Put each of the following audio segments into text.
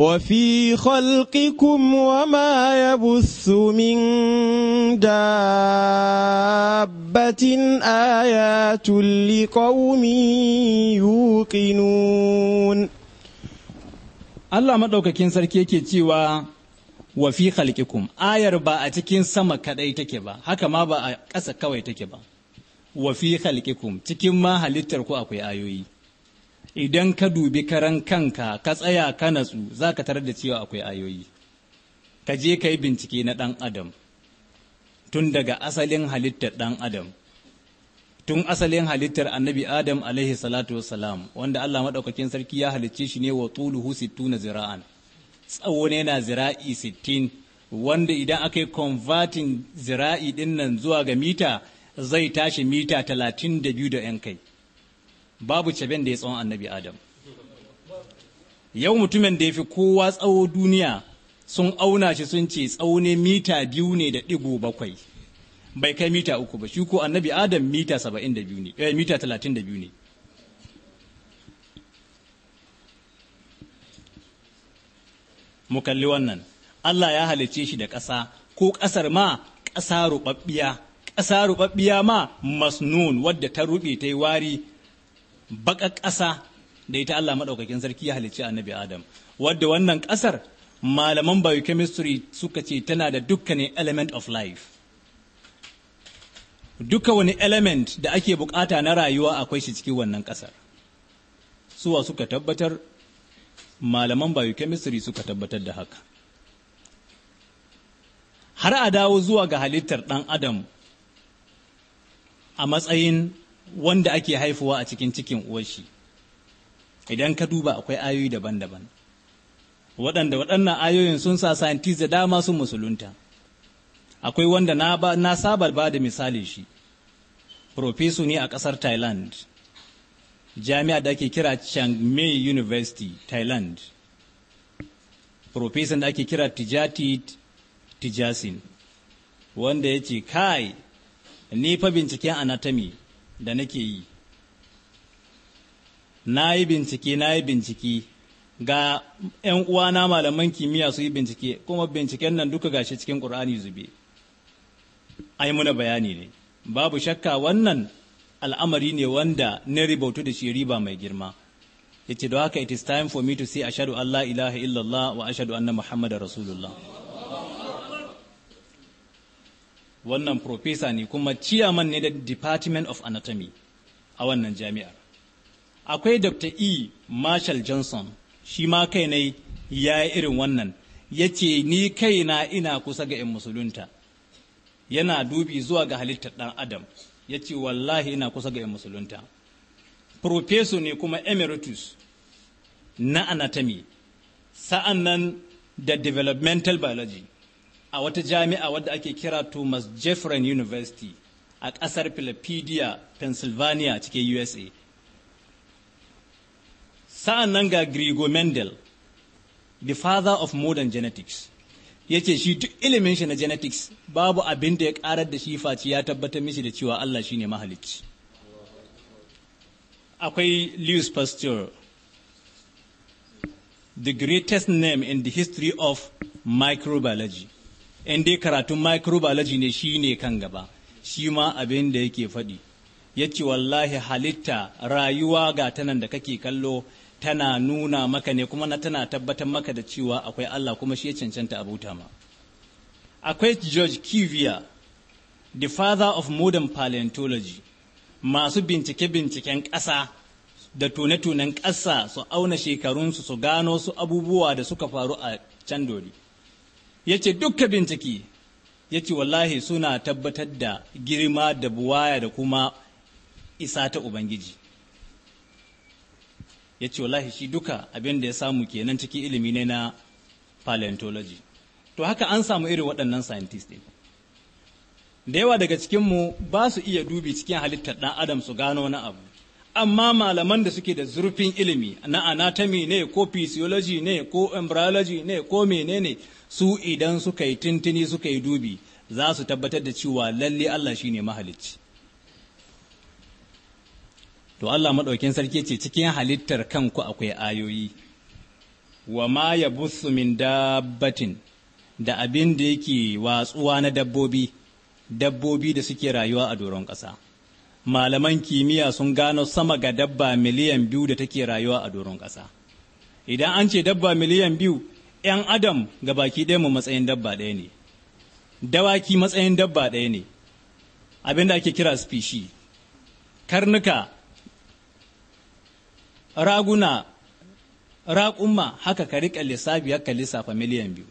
وفي خلقكم وما يبث من دابة آيات لقوم يوقنون Allah maɗaukakin sarki yake cewa wa fi ayar ba a cikin sama kaɗai take ba haka ma ba a ƙasa kawai take ba wa fi cikin ma halittar ku akwai ayoyi idan ka dubi karan kanka ka tsaya ka natsu za ka tarar da cewa akwai ayoyi ka je ka yi bincike na ɗan adam tun daga asalin halittar ɗan adam tun asalin halittar annabi adam alaihi salatu salam, wanda allah maɗaukakin sarki ya halicce shi ne wa tuluhu na zira'an tsawo ne na zira'i sittin wanda idan aka yi konvatin zira'i ɗin nan zuwa ga mita zai tashi mita talatin da biyu da 'yan kai babu caben da ya tsawon annabi adam yau mutumin da ya fi kowa tsawo duniya sun auna shi sun ce tsawo ne mita biyu ne da ɗigo bakwai bai kai mita uku ba shi ko annabi adam mita saba'in da biyu ne eh, mita talatin da biyu ne mu kalli wannan Allah ya halicce shi da ƙasa ko ƙasar ma ƙasa ruɓaɓɓiya ƙasa ruɓaɓɓiya ma masnun wadda ta ruɓe ta yi wari baƙar ƙasa da ita Allah maɗaukakin sarki ya halicci annabi Adam wadda wannan ƙasar malaman biochemistry suka ce tana da dukkanin element of life duka wani element da ake bukata na rayuwa akwai shi cikin wannan ƙasar suwa suka tabbatar malaman biochemistry suka tabbatar da haka har a dawo zuwa ga halittar ɗan adam a matsayin wanda ake haifuwa a cikin cikin shi. idan ka duba akwai ayoyi daban-daban waɗanda waɗannan ayoyin sun sa scientists da dama sun musulunta akwai wanda na saba ba da misali shi profeso ne a ƙasar thailand jami'a da ake kira chiang mai university thailand profesan da ake kira tijati tijasin wanda ya ce kai ni fa binciken anatomy da nake yi na yi bincike na yi bincike ga 'yan uwana malaman kimiyya su yi bincike kuma binciken nan duka gashi cikin ƙur'ani zube ai muna bayani ne babu shakka wannan al'amari ne wanda na ribautu da shi riba mai girma ya do da haka it is time for me to say ashadu Allah ilaha illallah wa ashadu anna muhammada rasulullah wannan profesa ne kuma ciyaman ne da department of anatomy a wannan jami'ar akwai dr e marshall johnson shi ma kai ne ya yi irin wannan ya ce ni kaina ina kusa ga 'yan musulunta yana dubi zuwa ga halittar ɗan adam ya ce wallahi ina kusa ga 'yan musulunta profeso ne kuma emeritus na anatomy sa'an nan da developmental biology a wata jami'a wadda ake kira Thomas Jefferson University a ƙasar Philadelphia, Pennsylvania cikin USA. Sa'an nan ga Grigo Mendel, the father of modern genetics, ya ce shi duk ilimin shi na genetics babu abin da ya ƙarar da shi faci ya tabbatar mishi da cewa Allah shi ne mahalicci. Akwai Lewis Pasteur, the greatest name in the history of microbiology. in dai karatun microbiology ne shi ne kan gaba shi ma abin da yake faɗi ya ce wallahi halitta rayuwa ga tanan da kake kallo tana nuna maka ne kuma na tana tabbatar maka da cewa akwai Allah kuma shi ya cancanta abuta ma akwai George kivia the father of modern paleontology masu bincike-binciken ƙasa da tone-tonen ƙasa su auna shekarunsu su gano su abubuwa da suka faru a can dori Ya yace dukka binciki ce wallahi suna tabbatar da girma da buwaya da kuma isa ta ubangiji Ya ce wallahi shi duka abin da ya samu kenan ciki ilimi ne na paleontology to haka an samu irin waɗannan scientist ɗin da yawa daga cikinmu ba su iya dubi cikin halittar ɗan adam su gano wani abu amma malaman da suke da zurfin ilimi na anatomy ne ko physiology ne ko embryology ne ko menene su idan suka yi tintini suka yi dubi za su tabbatar da cewa lalle Allah shi ne mahalicci to Allah maɗaukin sarki ce cikin halittar kanku akwai ayoyi wa ma ya min dabbatin da abin da yake watsuwa na dabbobi dabbobi da suke rayuwa a doron ƙasa malaman kimiyya sun gano sama ga dabba miliyan biyu da take rayuwa a doron ƙasa idan an ce dabba miliyan biyu 'yan adam ga baki ɗaya mu matsayin dabba ɗaya ne dawaki matsayin dabba ɗaya ne abin da ake kira spishi karnuka raguna raƙumma haka ka riƙa lissafi haka lissafa miliyan biyu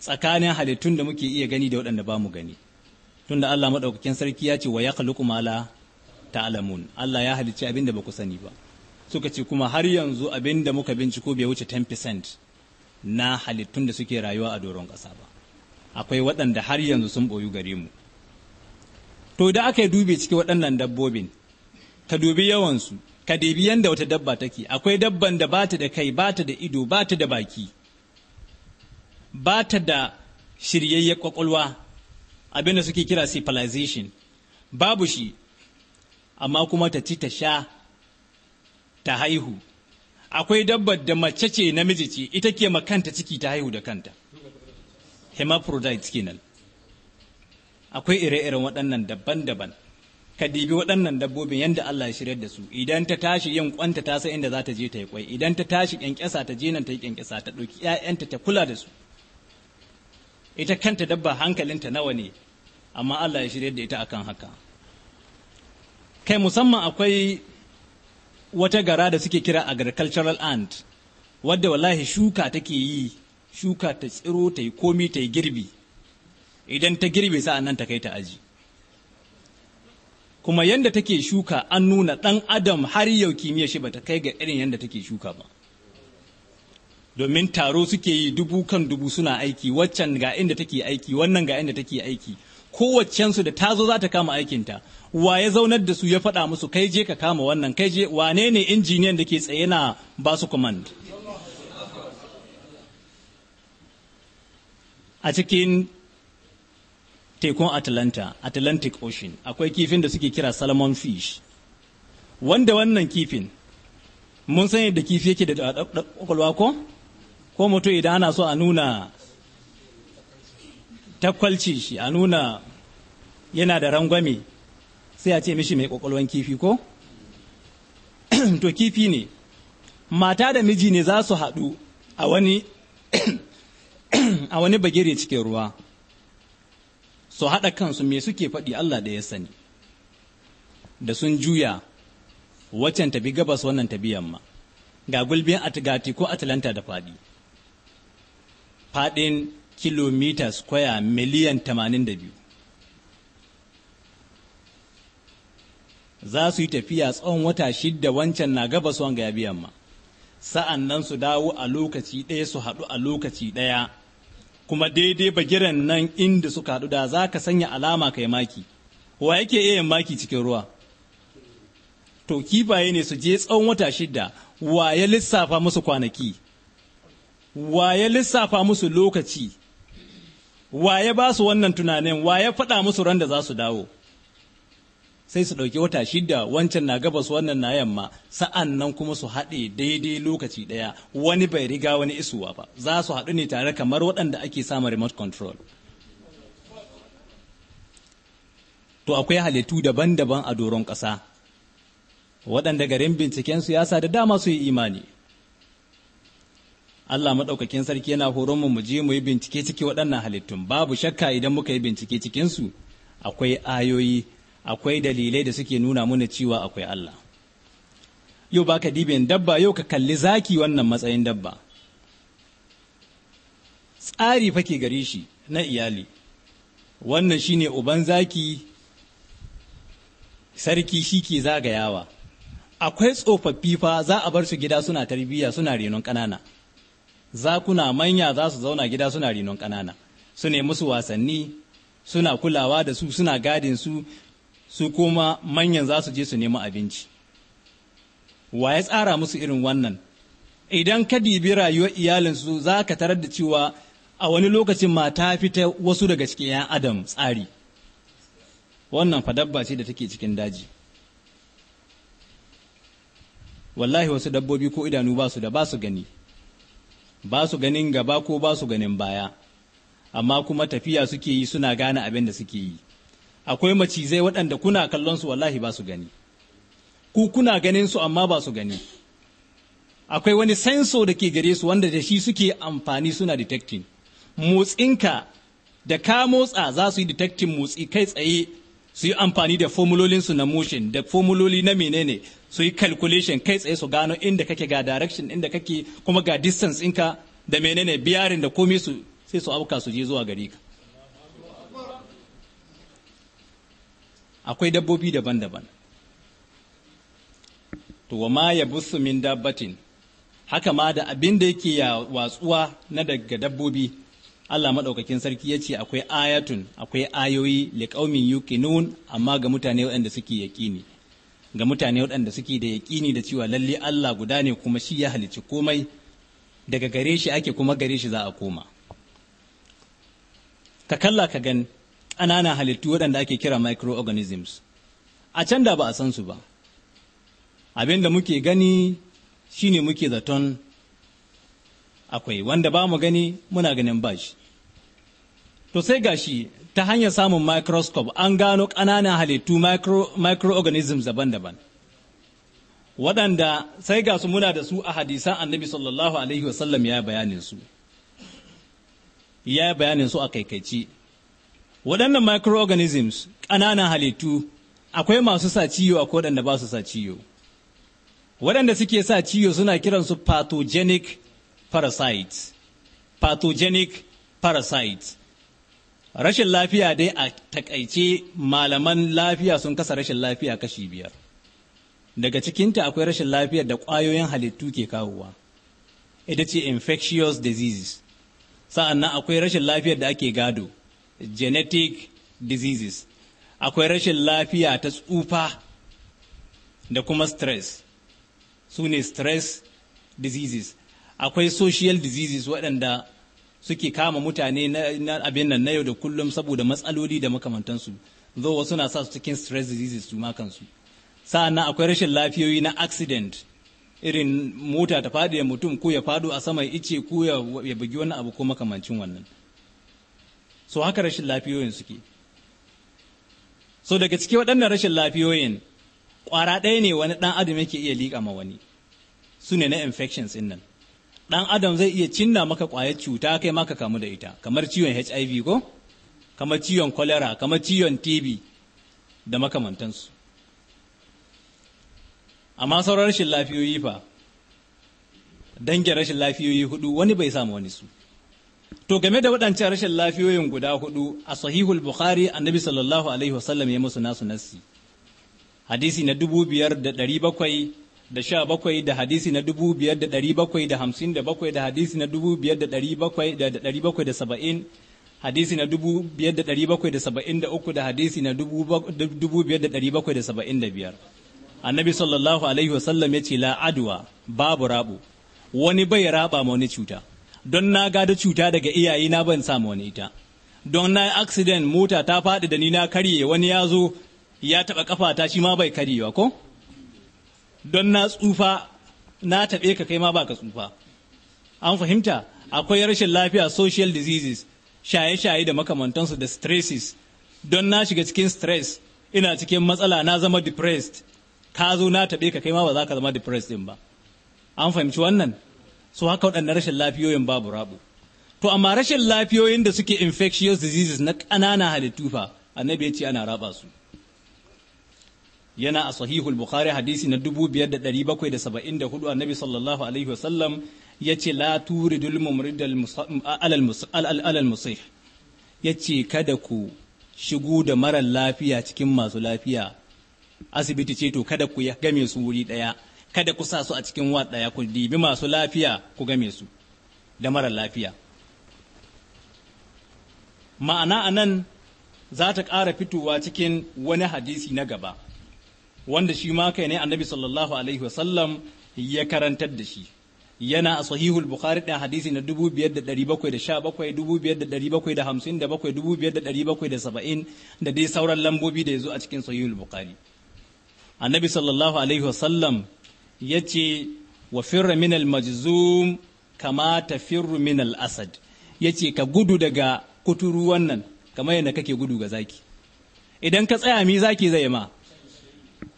tsakanin halittun da muke iya gani da waɗanda ba mu gani da Allah maɗaukakin sarki ya ce wa ya kaluku ta ta'alamun Allah ya halicci abin da ba ku sani ba suka ce kuma har yanzu abin da muka binciko bai wuce 10% na halittun da suke rayuwa a doron ƙasa ba akwai waɗanda har yanzu sun ɓoyu gare mu to da aka yi dubi ciki waɗannan dabbobin ka dubi yawansu ka dubi yadda wata dabba take akwai dabban da ba ta da kai ba ta da ido ba ta da baki ba ta da shiryayye kwakwalwa abinda suke kira civilization babu shi amma kuma ta ci ta sha ta haihu akwai dabbar da mace ce namiji ce ita ke makanta ciki ta haihu da kanta ke kenan akwai ire-iren waɗannan daban-daban ka dibi waɗannan dabbobin yadda Allah ya shirya da su idan ta tashi yin kwanta ta san inda za ta je ta yi kwai idan ta tashi kyankyasa ta je nan ta yi kyankyasa ta ɗauki ƴaƴanta ta kula da su ita kanta dabba hankalinta nawa ne amma Allah ya shiryar da ita akan haka kai musamman akwai wata gara da suke kira agricultural ant wadda wallahi shuka take yi shuka ta tsiro ta yi komi ta yi girbi idan ta girbe sa'an nan ta kai ta aji kuma yadda take shuka an nuna ɗan adam har yau kimiyya shi ba ta kai ga irin yadda take shuka ba domin taro suke yi dubu kan dubu suna aiki waccan ga inda take aiki wannan ga inda take aiki kowaccensu da ta zo za ta kama aikinta wa ya zaunar da su ya faɗa musu kai je ka kama wannan kai je wane ne injiniyan da ke tsaye na ba su command a cikin tekun atlanta atlantic ocean akwai kifin da suke kira salmon fish wanda wannan kifin mun sani da kifi yake da kwakwalwa ko ko mutu idan ana so a nuna Takwalci shi a nuna yana da rangwame sai a ce mishi mai kwakwalwan kifi ko? to kifi ne mata da miji ne za su haɗu a wani a wani bagire cikin ruwa su haɗa kansu me suke faɗi Allah da ya sani da sun juya waccan tabi gabas wannan tabi yamma ga gulbin atigati ko atalanta da faɗi faɗin kilomita square miliyan 82 za su yi tafiya tsawon wata shidda wancan na gabas wanga ya biyan ma sa'an nan su dawo a lokaci ɗaya su haɗu a lokaci ɗaya kuma daidai bagiren nan inda suka haɗu da za ka sanya alama kai maki wa yake iya yin maki cikin ruwa to kifaye ne su je tsawon wata shidda wa ya lissafa musu kwanaki wa ya lissafa musu lokaci Wa ya ba su wannan tunanin wa ya faɗa musu ran da za su dawo sai su ɗauki wata shida wancan na gabas wannan na yamma sa'an nan kuma su haɗe daidai lokaci ɗaya wani bai riga wani isuwa ba za su haɗu ne tare kamar waɗanda ake samun remote control to akwai halittu daban-daban a doron ƙasa waɗanda garin binciken siyasa da dama su yi imani Allah maɗaukakin sarki yana horon mu je mu yi bincike ciki waɗannan halittun babu shakka idan muka yi bincike cikinsu akwai ayoyi akwai dalilai da suke nuna mana cewa akwai Allah yau baka dibin dabba yau ka kalli zaki wannan matsayin dabba tsari fake gare shi na iyali wannan shi ne uban zaki sarki shi ke zagayawa akwai tsofaffi fa za a bar su gida suna tarbiyya suna renon ƙanana zakuna manya za su zauna gida suna rinon ƙanana su ne musu wasanni suna kulawa da su suna gadin su su kuma manyan za su je su nemi abinci wa ya tsara musu irin wannan idan ka dibi rayuwar iyalinsu za ka tarar da cewa a wani lokacin mata fita wasu daga cikin 'yan adam tsari wannan fadabba ce da take cikin daji wallahi wasu dabbobi ko idanu ba su da ba su gani ba su ganin gaba ko ba su ganin baya amma kuma tafiya suke yi suna gane abin da suke yi akwai macizai waɗanda kuna kallon su wallahi ba su gani ku kuna ganin su amma ba su gani akwai wani senso da ke gare su wanda da shi suke amfani suna detecting motsinka da ka motsa za su yi detecting motsi kai tsaye su yi amfani da formulolinsu na motion da formuloli na menene su yi calculation kai tsaye su gano inda kake ga direction inda kake kuma ga distance inka da menene biyarin da komai su sai su auka su je zuwa gari ka akwai dabbobi daban-daban to wa ma ya busu min dabbatin haka ma da abin da yake ya watsuwa na daga dabbobi Allah maɗaukakin sarki ya ce akwai ayatun akwai ayoyi liƙaumin yuqinun amma ga mutane waɗanda suke yaƙini ga mutane waɗanda suke da yaƙini da cewa lalle Allah guda ne kuma shi ya halicci komai daga gare shi ake kuma gare shi za a koma ka kalla ka gan ƙananan halittu waɗanda ake kira microorganisms a can da ba a san su ba abin da muke gani shine muke zaton akwai wanda ba mu gani muna ganin ba to sai gashi ta hanyar samun microscope an gano ƙananan halittu micro, microorganisms daban-daban waɗanda sai ga su muna da su a hadisan annabi sallallahu alaihi wasallam ya bayanin su ya bayanin su a kaikaici waɗannan microorganisms ƙananan halittu akwai masu sa ciyo akwai waɗanda ba su sa ciyo waɗanda suke sa ciyo suna kiransu pathogenic parasites pathogenic parasites rashin lafiya dai a takaice malaman lafiya sun kasa rashin lafiya kashi biyar daga cikinta akwai rashin lafiya da ƙwayoyin halittu ke kawowa ita ce infectious diseases sa'annan akwai rashin lafiya da ake gado genetic diseases akwai rashin lafiya ta tsufa da kuma stress su ne stress diseases akwai social diseases waɗanda suke kama mutane na abin nan na yau da kullum saboda matsaloli da makamantansu zo wasu na sa su cikin stress diseases su ma kansu sa'annan akwai rashin lafiyoyi na accident irin mota ta faɗi mutum ko ya faɗo a saman ice ko ya bugi wani abu ko makamancin wannan so haka rashin lafiyoyin suke so daga cikin waɗannan rashin lafiyoyin ƙwara ɗaya ne wani ɗan adam yake iya liƙa ma wani su ne na infections ɗin nan Ɗan adam zai iya cinna maka ƙwayar cuta kai maka kamu da ita kamar ciwon HIV ko kamar ciwon cholera kamar ciwon TB da makamantansu amma sauran rashin lafiyoyi fa dangin rashin lafiyoyi hudu wani bai samu wani su to game da waɗancan rashin lafiyoyin guda hudu a sahihul bukhari annabi sallallahu alaihi wasallam ya musu nasu nassi hadisi na dubu biyar da ɗari bakwai da sha bakwai da hadisi na dubu biyar da ɗari bakwai da hamsin da bakwai da hadisi na dubu biyar da ɗari bakwai da ɗari bakwai da saba'in hadisi na dubu biyar da ɗari bakwai da saba'in da uku da hadisi na dubu biyar da ɗari bakwai da saba'in da biyar annabi sallallahu alaihi wasallam ya ce la adwa babu rabu wani bai raba ma wani cuta don na gado cuta daga iyaye na ban samu wani ita don na accident mota ta faɗi da ni na karye wani ya zo ya taɓa kafa ta shi ma bai karyewa ko don na tsufa na taɓe ka kai ma ba ka tsufa an fahimta akwai rashin lafiya social diseases shaye-shaye da makamantansu da stresses don na shiga cikin stress ina cikin matsala na zama depressed ka zo na taɓe ka kai ma ba za ka zama depressed din ba an fahimci wannan so haka waɗannan rashin lafiyoyin babu rabu to amma rashin lafiyoyin da suke infectious diseases na ƙananan halittu fa annabi ya ce ana raba su yana a sahihul bukhari hadisi na 5774 annabi sallallahu alaihi wasallam yace yace la turidul mumridal alal musih ya kada ku shigo da mara lafiya cikin masu lafiya asibiti ce to kada ku game su wuri daya kada ku sa su a cikin wa daya ku dibi masu lafiya ku game su da mara lafiya ma'ana anan za ta ƙara fitowa cikin wani hadisi na gaba wanda shi ma kai ne annabi sallallahu alaihi wasallam ya karantar da shi yana a sahihul bukhari da hadisi na 5717 5757 da dai sauran lambobi da yazo a cikin sahihul bukhari annabi sallallahu alaihi wasallam yace wa firra min al majzum kama tafirru min al asad yace ka gudu daga kuturu wannan kamar yadda kake gudu ga zaki idan ka tsaya mi zaki zai ma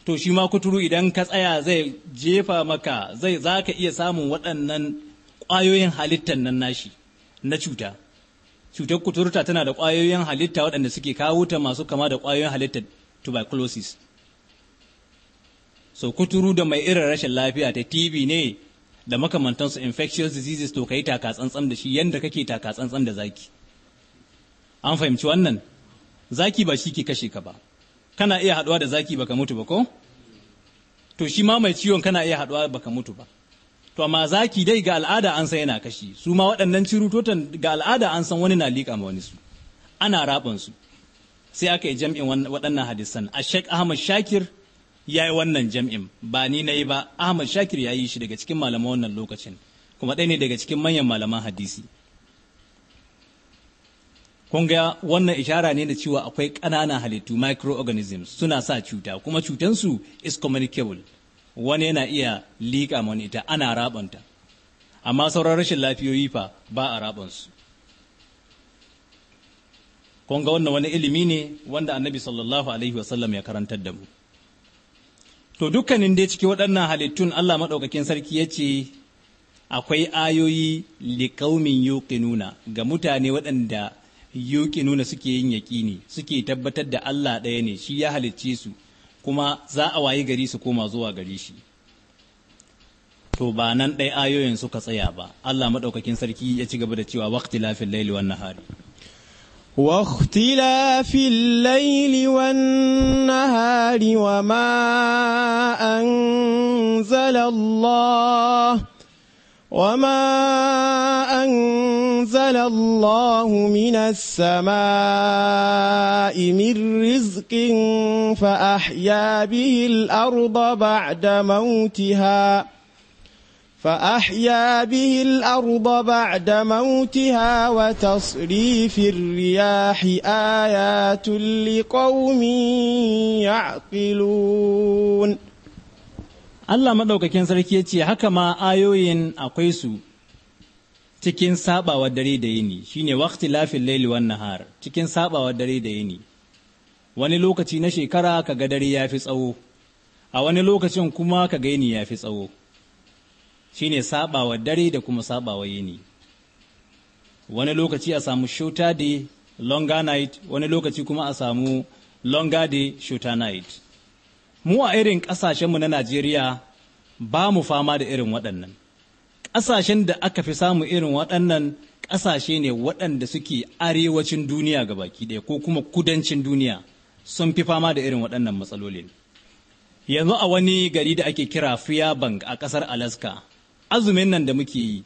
to shi ma kuturu idan ka tsaya zai jefa maka zai za ka iya samun waɗannan ƙwayoyin halittar nan nashi na cuta cutar kuturta tana da ƙwayoyin halitta waɗanda suke kawo ta masu kama da ƙwayoyin halittar tuberculosis so kuturu da mai irin rashin lafiya ta tb ne da makamantansu infectious diseases to kai taka tsantsan da shi yadda kake taka tsantsan da zaki an fahimci wannan zaki ba shi ke kashe ka ba kana iya haɗuwa da zaki baka mutu ba ko to shi ma mai ciwon kana iya haɗuwa baka mutu ba to amma zaki dai ga al'ada an san yana kashi su ma waɗannan cirutotan ga al'ada an san wani na liƙa ma wani su ana raɓan su sai aka yi jam'in waɗannan hadisan ashek ahmad shakir ya yi wannan jam'in ba ni na yi ba ahmad shakir ya yi shi daga cikin malaman wannan lokacin kuma ɗaya ne daga cikin manyan malaman hadisi kun ga wannan ishara ne da cewa akwai ƙananan halittu microorganisms suna sa cuta kuma cutansu is communicable wani yana iya liƙa mana ita ana rabanta amma sauran rashin lafiyoyi fa ba a rabansu kun ga wannan wani ilimi ne wanda annabi sallallahu alaihi wasallam ya karantar da mu to dukkanin dai ciki waɗannan halittun Allah maɗaukakin sarki ya ce akwai ayoyi liƙaumin yuqinuna ga mutane waɗanda nuna suke yin yaƙini suke tabbatar da Allah ɗaya ne shi ya halicce su kuma za a wayi gari su koma zuwa gari shi to ba nan ɗaya ayoyin suka tsaya ba Allah maɗaukakin sarki ya ci gaba da cewa waqti lafin laili wan nahari واختلاف الليل والنهار وما أنزل الله وما أنزل الله من السماء من رزق فأحيا به الأرض بعد موتها فأحيا به الأرض بعد موتها وتصريف الرياح آيات لقوم يعقلون Allah maɗaukakin sarki ya ce haka ma ayoyin akwai su cikin saɓawa dare da yini ne wakti lafin laili wannan har cikin saɓawa dare da yini wani lokaci na shekara ka ga dare ya fi tsawo a wani lokacin kuma ka ga yini ya fi tsawo shi ne saɓawa dare da kuma saɓawa yini wani lokaci a samu shota day longer night wani lokaci kuma a samu longer day shota night mu a irin ƙasashenmu na najeriya ba mu fama da irin waɗannan ƙasashen da aka fi samu irin waɗannan ƙasashe ne waɗanda suke arewacin duniya ga baki ɗaya ko kuma kudancin duniya sun fi fama da irin waɗannan matsalolin yanzu a wani gari da ake kira fairbank a ƙasar alaska azumin nan da muke yi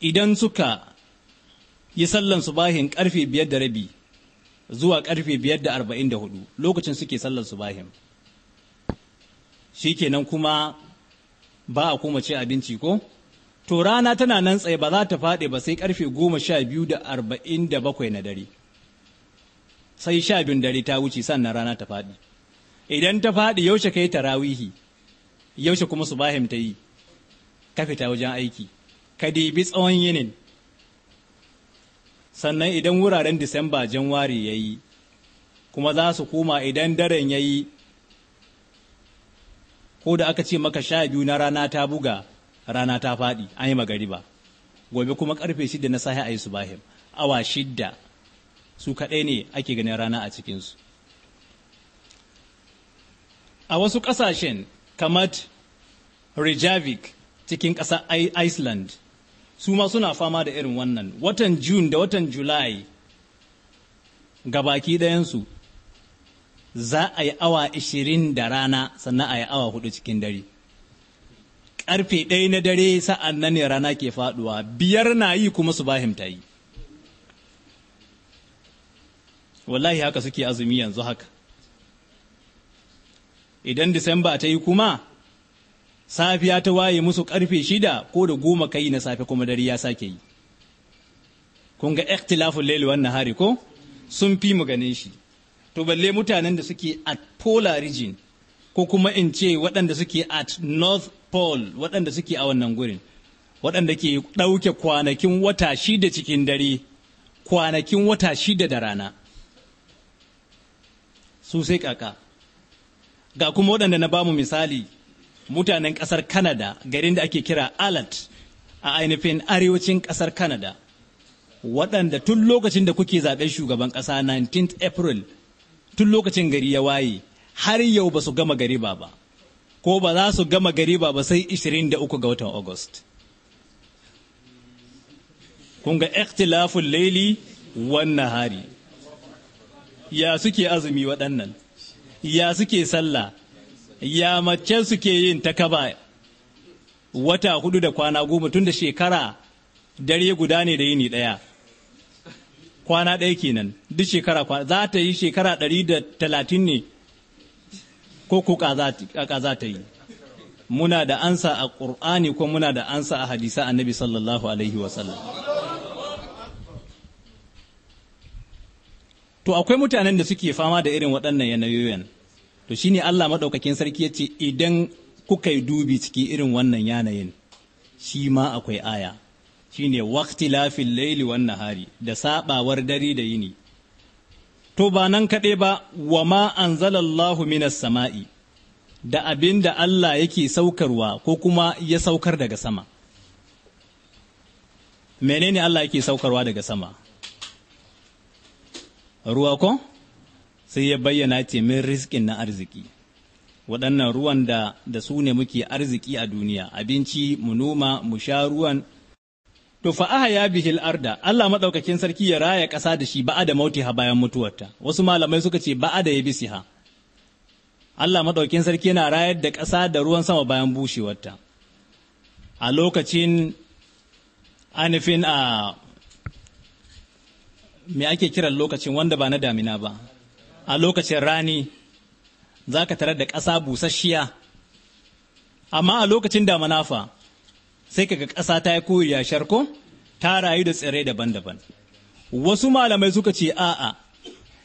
idan suka yi sallan subahin ƙarfe biyar da rabi zuwa ƙarfe biyar da arba'in da hudu lokacin suke sallan subahin Shi shikenan kuma ba a koma ci abinci ko to rana tana nan tsaye ba za ta faɗi ba sai karfe goma sha biyu da arba'in da bakwai na dare sai sha biyun dare ta wuce sannan rana ta faɗi idan ta faɗi yaushe ka yi tarawihi yaushe kuma su bahim ta yi ka fita wajen aiki ka dibi tsawon yinin sannan idan wuraren disamba janwari ya yi kuma za su koma idan daren ya yi ko da aka ce maka sha biyu na rana ta buga rana ta faɗi an yi magariba gobe kuma karfe shida na sahi a yi subahim awa shidda su kaɗai ne ake ganin rana a cikinsu a wasu ƙasashen kamar rejavik cikin ƙasar Iceland su ma suna fama da irin wannan watan June da watan July ga baki ɗayansu za a yi awa ishirin da rana sannan a yi awa hudu cikin dare ƙarfe ɗaya na dare sa'an nan ne rana ke faɗuwa biyar na yi kuma su bahimta yi wallahi haka suke azumi yanzu haka idan disamba ta yi kuma safiya ta waye musu ƙarfe shida ko da goma kai na safe kuma dare ya sake yi kun ga ikhtilafun laili wannan hari ko sun fi mu ganin shi to balle mutanen da suke at polar region ko kuma in ce waɗanda suke at north pole waɗanda suke a wannan gurin waɗanda ke ɗauke kwanakin wata shida cikin dare kwanakin wata shida da rana su sai kaka ga kuma waɗanda na bamu misali mutanen ƙasar Canada garin da ake kira Alat a ainihin arewacin ƙasar Canada waɗanda tun lokacin da kuke zaɓen shugaban ƙasa 19th April tun lokacin gari ya waye har yau ba su gama gariba ba ko ba za su gama gariba ba sai 23 ga watan august kun ga ikhtilaful laili wannan hari ya suke azumi waɗannan ya suke sallah ya mace suke yin ta kaba wata hudu da kwana goma tun da shekara dare guda ne da yini ɗaya kwana ɗaya kenan duk shekara kwana za ta yi shekara ɗari da talatin ne ko ko za ta yi muna da ansa a ƙur'ani ko muna da ansa a hadisa annabi sallallahu alaihi wasallam to akwai mutanen da suke fama da irin waɗannan yanayoyin to shine Allah maɗaukakin sarki ya ce idan kuka yi dubi ciki irin wannan yanayin shi ma akwai aya shine lafin laili wan hari da saɓawar dare da yini to ba nan kaɗai ba wa ma an anzalallahu minas sama'i da abin da Allah yake saukarwa ko kuma ya saukar daga sama menene Allah yake saukarwa daga sama ruwa ko sai ya bayyana ce min riskin na arziki waɗannan ruwan da da su ne muke arziki a duniya abinci mu noma mu sha ruwan to fa ya bihil arda Allah Maɗaukakin sarki ya raya ƙasa da shi ba'ada mautiha bayan mutuwarta wasu malamai suka ce ba'ada ha. Allah madaukakin sarki yana rayar da ƙasa da ruwan sama bayan bushewarta a lokacin anifin a me ake kiran lokacin wanda ba na damina ba a lokacin rani za ka tarar da ƙasa busasshiya amma a lokacin damana fa sai kaga ƙasa ta yi koyi yashar ko ta rayu da tsirrai daban-daban wasu malamai suka ce a'a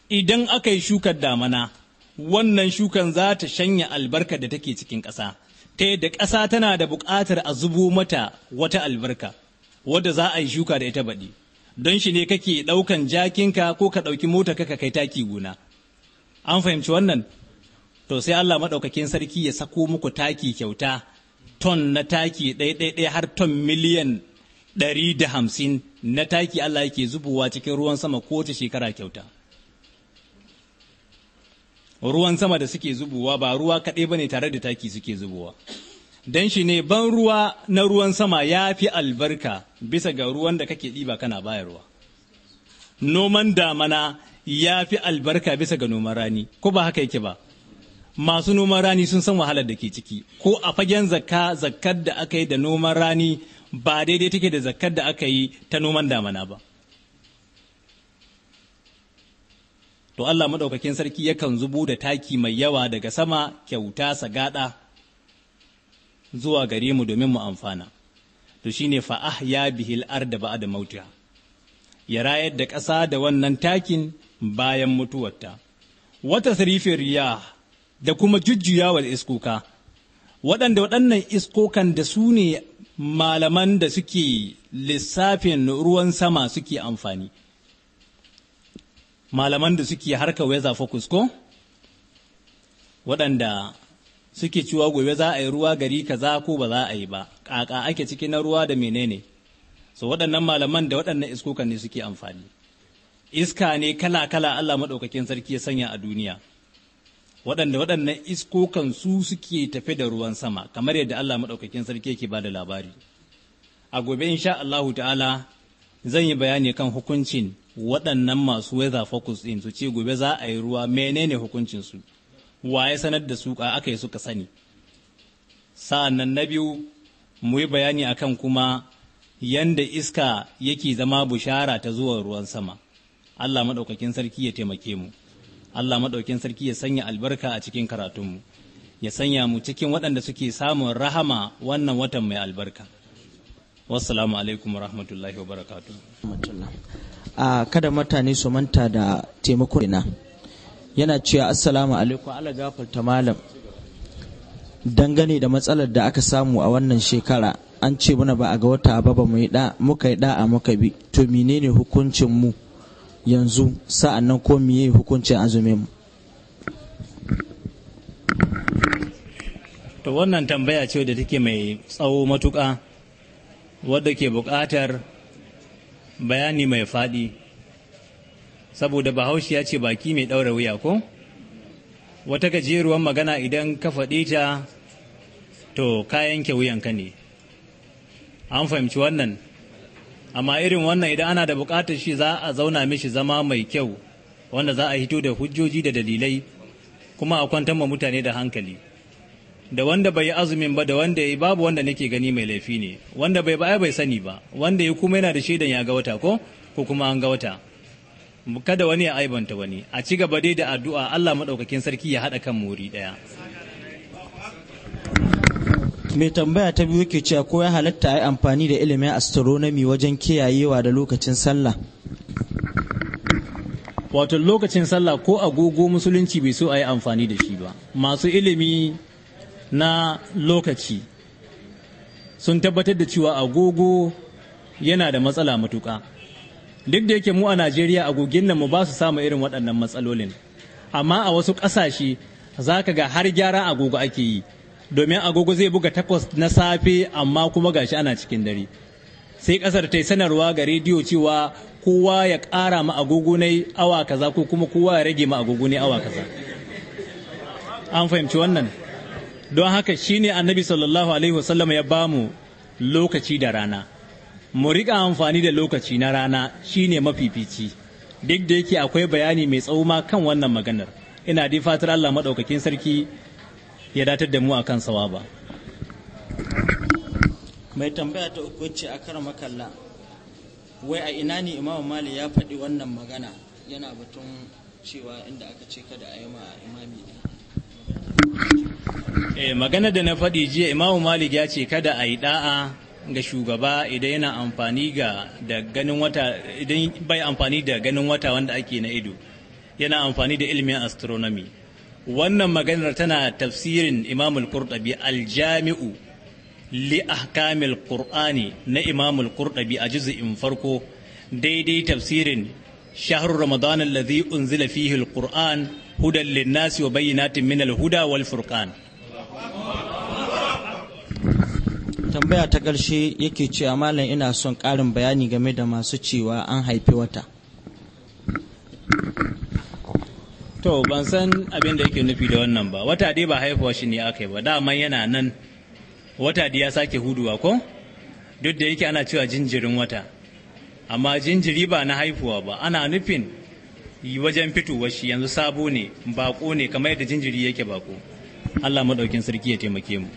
idan aka yi shukar damana wannan shukan za ta shanya albarka da take cikin ƙasa ta yadda ƙasa tana da buƙatar a zubo mata wata albarka wadda za a yi shuka da ita baɗi don shi ne kake ɗaukan jakinka ko ka ɗauki mota ka kai taki gona an fahimci wannan to sai Allah maɗaukakin sarki ya sako muku taki kyauta ton na taki ɗaiɗaiɗai har ton miliyan ɗari da hamsin na taki Allah yake zubowa cikin ruwan sama kowace shekara kyauta. Ruwan sama da suke zubowa ba ruwa kaɗai ba ne tare da taki suke zubowa. Don shi ne ban ruwa na ruwan sama ya fi albarka bisa ga ruwan da kake ɗiba kana bayarwa. Noman damana ya fi albarka bisa ga noman rani, ko ba haka yake ba? masu noman rani sun san wahalar da ke ciki ko a fagen zakka zakkar da aka yi da noman rani ba daidai take da zakkar da aka yi ta noman damana ba to Allah maɗaukakin sarki yakan zubo da taki mai yawa daga sama kyauta sa sagada zuwa gare mu domin mu amfana to shine fa ahya bihil arda ba'da mautiha ya rayar da ƙasa da wannan takin bayan mutuwarta wata sarifin riya da kuma jujjuyawar iskoka waɗanda waɗannan iskokan da su ne malaman da suke lissafin ruwan sama suke amfani malaman da suke harka weather focus ko waɗanda suke cewa gobe za a yi ruwa gari kaza ko ba za a yi ba ƙaƙa ake ciki na ruwa da menene so waɗannan malaman da waɗannan iskokan ne suke amfani iska ne kala-kala Allah maɗaukakin sarki ya sanya a duniya waɗanda waɗannan iskokan su suke tafe da ruwan sama kamar yadda Allah maɗaukakin sarki yake ba da labari a gobe insha Allahu ta'ala zan yi bayani kan hukuncin waɗannan masu weather focus ɗin su ce gobe za a yi ruwa menene hukuncin su waye sanar da su aka yi suka sani sa'an nan na biyu mu yi bayani akan kuma yanda iska yake zama bushara ta zuwa ruwan sama Allah maɗaukakin sarki ya taimake mu Allah maɗaukin sarki ya sanya albarka a cikin karatunmu ya sanya mu cikin waɗanda suke samun rahama wannan watan mai albarka wassalamu alaikum wa rahmatullahi wa barakatu kada mutane su manta da taimakon yana cewa assalamu alaikum ala gafarta malam dangane da matsalar da aka samu a wannan shekara an ce muna ba a ga wata ba ba mu yi da muka yi da a muka bi to menene hukuncin mu yanzu sa'an nan ko miye hukuncin azumin mu to wannan tambaya ce da take mai tsawo matuƙa wadda ke buƙatar bayani mai faɗi saboda bahaushe ya ce baki mai ɗaura wuya ko wata gajeruwan magana idan ka faɗi ta to ka yanke wuyanka ne an fahimci wannan amma irin wannan idan ana da bukatar shi za a zauna mishi zama mai kyau wanda za a hito da hujjoji da dalilai kuma a kwantar ma mutane da hankali da wanda bai azumin ba da wanda ya babu wanda nake gani mai laifi ne wanda bai baya bai sani ba wanda ya kuma yana da shaidan ya ga wata ko ko kuma an ga wata kada wani ya aibanta wani a ci gaba dai da addu'a Allah madaukakin sarki ya haɗa kan muri ɗaya mai tambaya ta biyu ke cewa ko ya halatta a yi amfani da ilimin astronomy wajen kiyayewa da lokacin sallah wato lokacin sallah ko agogo musulunci bai so a yi amfani da shi ba masu ilimi na lokaci sun tabbatar da cewa agogo yana da matsala matuƙa duk da yake mu a najeriya agogin nan mu ba su samu irin waɗannan matsalolin amma a wasu ƙasashe za ka ga har gyara agogo ake yi domin agogo zai buga takwas na safe amma kuma gashi ana cikin dare sai kasar ta yi sanarwa ga rediyo cewa kowa ya ƙara ma agogo ne awa kaza ko kuma kowa ya rage ma agogo ne awa kaza an fahimci wannan don haka shine annabi sallallahu alaihi wasallam ya bamu lokaci da rana mu riƙa amfani da lokaci na rana shine mafifici duk da yake akwai bayani mai tsawo ma kan wannan maganar ina dai fatar Allah maɗaukakin sarki ya datar da mu sawa sawaba mai tambaya ta uku ce a kar makalla wai a ina ne imamu mali ya faɗi wannan magana yana batun cewa inda aka ce kada a yi ma imami eh magana da na faɗi jiya imamu malik ya ce kada a yi ɗa'a ga shugaba idan yana amfani ga da ganin wata idan bai amfani da ganin wata wanda ake na ido yana amfani da ilimin astronomy wannan maganar tana tafsirin Imam al aljami'u al-Jami'u li ahkamil Qur'ani na Imam al a juz'in farko daidai tafsirin shahru Ramadan alladhi unzila fihi al hudan lin wa bayyinatin min alhuda wal-furqan tambaya ta ƙarshe yake cewa malam ina son ƙarin bayani game da masu cewa an haifi wata to ban san abin da yake nufi da wannan ba wata dai ba haifuwa shi ne aka yi ba daman yana nan wata dai ya sake huduwa ko duk da yake ana cewa jinjirin wata amma jinjiri ba na haifuwa ba ana nufin wajen fitowa shi yanzu sabo ne bako ne kamar yadda jinjiri yake bako Allah maɗaukin sarki ya taimake mu